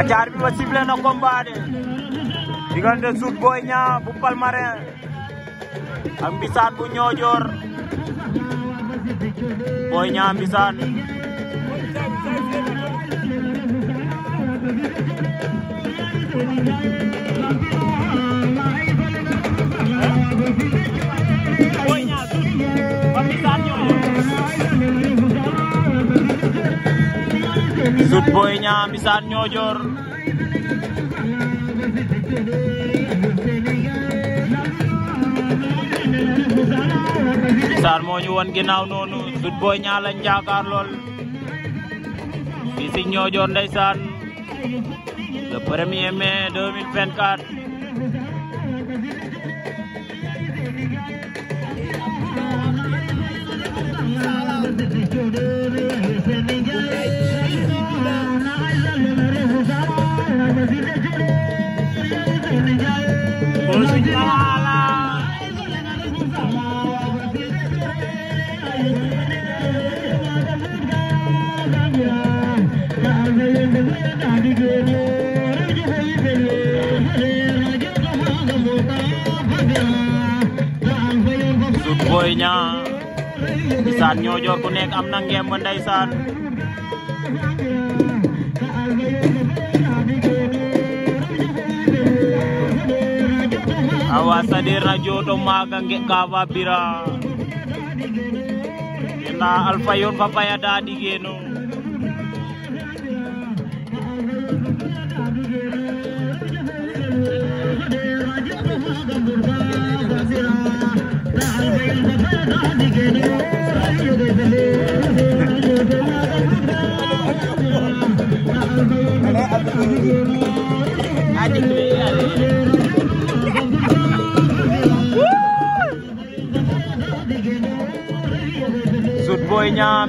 acaar bi ba sifflé na a diggante Zouk Boy Niang bu Palmarin ak Mbissane bu Niodior Boy Niang Mbissane Boy Niang Zouk ba sut Boy Niang Mbissane Niodior Mbissane moo ñu won ginnaaw noonu sut Boy Niang lañ jaakaar lool fii si Niodior ndeysaan le premier mai 2024 boynya nya nyojo nyojor ku nekk am na ngem ba ndeysaan awasa de rajo do maga nge kawa bira kita alfayon papaya dadi geno Sud boynya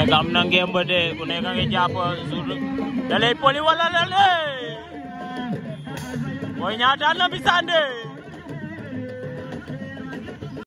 nekk am na ngeen ku nekk a ngi jàpp jour da lay poli wala ñaata na bi